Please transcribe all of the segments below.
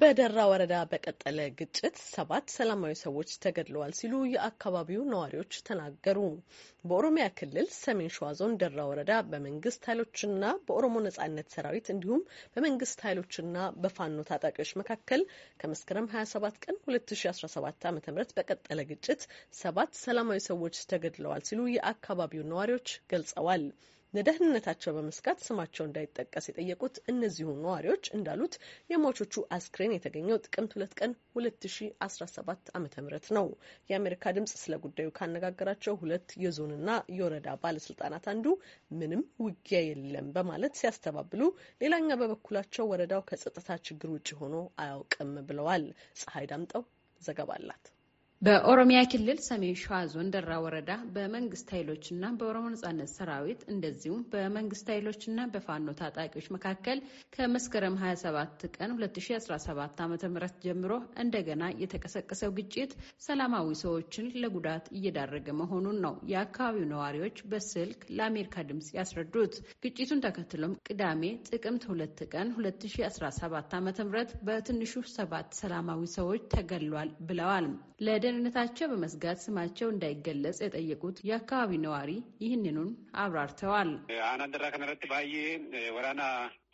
በደራ ወረዳ በቀጠለ ግጭት ሰባት ሰላማዊ ሰዎች ተገድለዋል ሲሉ የአካባቢው ነዋሪዎች ተናገሩ። በኦሮሚያ ክልል ሰሜን ሸዋ ዞን ደራ ወረዳ በመንግስት ኃይሎችና በኦሮሞ ነጻነት ሰራዊት እንዲሁም በመንግስት ኃይሎችና በፋኖ ታጣቂዎች መካከል ከመስከረም 27 ቀን 2017 ዓ ም በቀጠለ ግጭት ሰባት ሰላማዊ ሰዎች ተገድለዋል ሲሉ የአካባቢው ነዋሪዎች ገልጸዋል። ለደህንነታቸው በመስጋት ስማቸው እንዳይጠቀስ የጠየቁት እነዚሁ ነዋሪዎች እንዳሉት የሟቾቹ አስክሬን የተገኘው ጥቅምት ሁለት ቀን 2017 ዓ ም ነው። የአሜሪካ ድምጽ ስለ ጉዳዩ ካነጋገራቸው ሁለት የዞንና የወረዳ ባለስልጣናት አንዱ ምንም ውጊያ የለም በማለት ሲያስተባብሉ፣ ሌላኛ በበኩላቸው ወረዳው ከጸጥታ ችግር ውጭ ሆኖ አያውቅም ብለዋል። ፀሐይ ዳምጠው ዘገባ አላት። በኦሮሚያ ክልል ሰሜን ሸዋ ዞን ደራ ወረዳ በመንግስት ኃይሎችና በኦሮሞ ነጻነት ሰራዊት እንደዚሁም በመንግስት ኃይሎችና በፋኖ ታጣቂዎች መካከል ከመስከረም 27 ቀን 2017 ዓ ም ጀምሮ እንደገና የተቀሰቀሰው ግጭት ሰላማዊ ሰዎችን ለጉዳት እየዳረገ መሆኑን ነው የአካባቢው ነዋሪዎች በስልክ ለአሜሪካ ድምፅ ያስረዱት። ግጭቱን ተከትሎም ቅዳሜ ጥቅምት 2 ቀን 2017 ዓ ም በትንሹ ሰባት ሰላማዊ ሰዎች ተገሏል ብለዋል። ለደህንነታቸው በመስጋት ስማቸው እንዳይገለጽ የጠየቁት የአካባቢው ነዋሪ ይህንኑን አብራርተዋል። አናደራ ከነረት ባዬ ወራና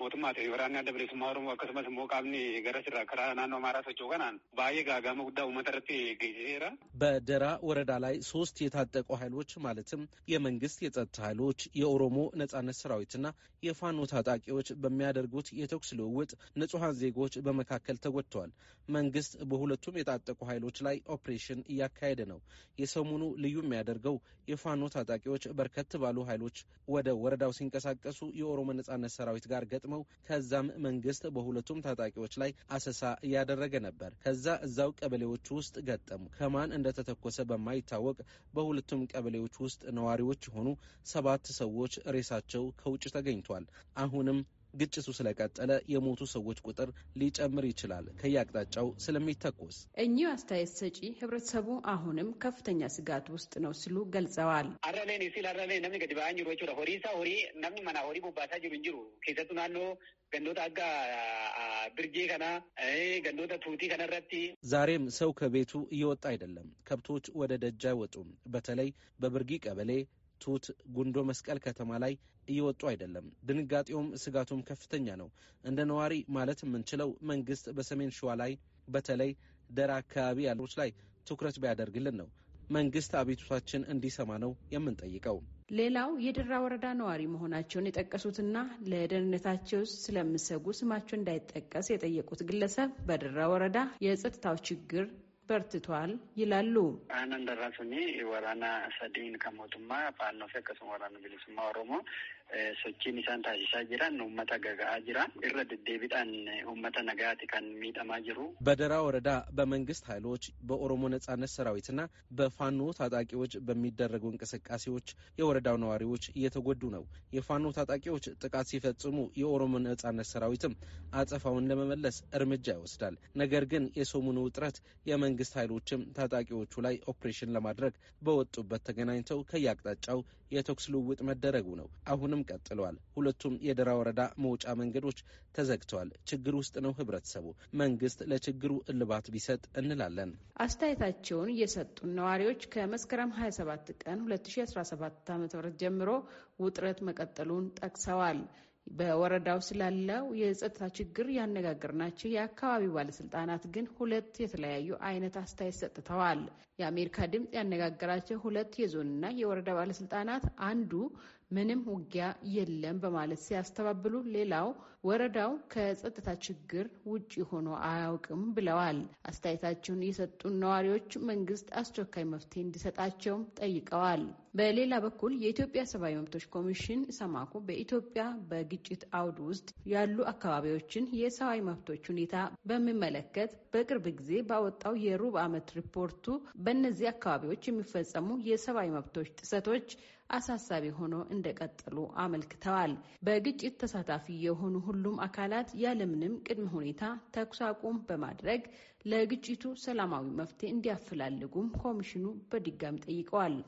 mootummaa waraanni adda bilisummaa Oromoo akkasumas immoo qaamni gara karaa naannoo amaaraa socho'u kanaan baay'ee gaagama guddaa uummata irratti geessiseera. በደራ ወረዳ ላይ ሶስት የታጠቁ ኃይሎች ማለትም የመንግስት የጸጥታ ኃይሎች፣ የኦሮሞ ነጻነት ሰራዊትና የፋኖ ታጣቂዎች በሚያደርጉት የተኩስ ልውውጥ ንጹሐን ዜጎች በመካከል ተጎድተዋል። መንግስት በሁለቱም የታጠቁ ኃይሎች ላይ ኦፕሬሽን እያካሄደ ነው። የሰሞኑ ልዩ የሚያደርገው የፋኖ ታጣቂዎች በርከት ባሉ ኃይሎች ወደ ወረዳው ሲንቀሳቀሱ የኦሮሞ ነጻነት ሰራዊት ጋር ገጥ ገጥመው ከዛም መንግስት በሁለቱም ታጣቂዎች ላይ አሰሳ እያደረገ ነበር። ከዛ እዛው ቀበሌዎች ውስጥ ገጠሙ። ከማን እንደተተኮሰ በማይታወቅ በሁለቱም ቀበሌዎች ውስጥ ነዋሪዎች የሆኑ ሰባት ሰዎች ሬሳቸው ከውጭ ተገኝቷል። አሁንም ግጭቱ ስለቀጠለ የሞቱ ሰዎች ቁጥር ሊጨምር ይችላል ከየአቅጣጫው ስለሚተኮስ። እኚህ አስተያየት ሰጪ ህብረተሰቡ አሁንም ከፍተኛ ስጋት ውስጥ ነው ሲሉ ገልጸዋል። ዛሬም ሰው ከቤቱ እየወጣ አይደለም። ከብቶች ወደ ደጅ አይወጡም። በተለይ በብርጊ ቀበሌ ቱት ጉንዶ መስቀል ከተማ ላይ እየወጡ አይደለም። ድንጋጤውም ስጋቱም ከፍተኛ ነው። እንደ ነዋሪ ማለት የምንችለው መንግስት በሰሜን ሸዋ ላይ በተለይ ደራ አካባቢ ያሉት ላይ ትኩረት ቢያደርግልን ነው። መንግስት አቤቱታችን እንዲሰማ ነው የምንጠይቀው። ሌላው የድራ ወረዳ ነዋሪ መሆናቸውን የጠቀሱትና ለደህንነታቸው ስለሚሰጉ ስማቸው እንዳይጠቀስ የጠየቁት ግለሰብ በድራ ወረዳ የጸጥታው ችግር በርትቷል ይላሉ። አነን ደራሱኒ ወራና ሰዲን ከሞቱማ ፋኖሴ ከሱም ወራና ቢሊሱማ ኦሮሞ Eh, sochiin isaan taasisaa jiran uummata gaga'aa jira irra deddeebiidhaan eh, uummata nagaati kan miidhamaa jiru። በደራ ወረዳ በመንግስት ኃይሎች በኦሮሞ ነጻነት ሰራዊትና በፋኖ ታጣቂዎች በሚደረጉ እንቅስቃሴዎች የወረዳው ነዋሪዎች እየተጎዱ ነው። የፋኖ ታጣቂዎች ጥቃት ሲፈጽሙ የኦሮሞ ነጻነት ሰራዊትም አጸፋውን ለመመለስ እርምጃ ይወስዳል። ነገር ግን የሰሞኑ ውጥረት የመንግስት ኃይሎችም ታጣቂዎቹ ላይ ኦፕሬሽን ለማድረግ በወጡበት ተገናኝተው ከየአቅጣጫው የተኩስ ልውውጥ መደረጉ ነው። አሁንም ቀጥሏል ሁለቱም የደራ ወረዳ መውጫ መንገዶች ተዘግተዋል። ችግር ውስጥ ነው ህብረተሰቡ። መንግስት ለችግሩ እልባት ቢሰጥ እንላለን። አስተያየታቸውን የሰጡን ነዋሪዎች ከመስከረም 27 ቀን 2017 ም ጀምሮ ውጥረት መቀጠሉን ጠቅሰዋል። በወረዳው ስላለው የጸጥታ ችግር ያነጋገርናቸው የአካባቢው ባለስልጣናት ግን ሁለት የተለያዩ አይነት አስተያየት ሰጥተዋል። የአሜሪካ ድምፅ ያነጋገራቸው ሁለት የዞንና የወረዳ ባለስልጣናት አንዱ ምንም ውጊያ የለም በማለት ሲያስተባብሉ፣ ሌላው ወረዳው ከጸጥታ ችግር ውጭ ሆኖ አያውቅም ብለዋል። አስተያየታቸውን የሰጡን ነዋሪዎች መንግስት አስቸኳይ መፍትሄ እንዲሰጣቸውም ጠይቀዋል። በሌላ በኩል የኢትዮጵያ ሰብአዊ መብቶች ኮሚሽን ሰማኮ በኢትዮጵያ በግጭት አውድ ውስጥ ያሉ አካባቢዎችን የሰብአዊ መብቶች ሁኔታ በሚመለከት በቅርብ ጊዜ ባወጣው የሩብ ዓመት ሪፖርቱ በእነዚህ አካባቢዎች የሚፈጸሙ የሰብአዊ መብቶች ጥሰቶች አሳሳቢ ሆኖ እንደቀጠሉ አመልክተዋል። በግጭት ተሳታፊ የሆኑ ሁሉም አካላት ያለምንም ቅድመ ሁኔታ ተኩስ አቁም በማድረግ ለግጭቱ ሰላማዊ መፍትሄ እንዲያፈላልጉም ኮሚሽኑ በድጋሚ ጠይቀዋል።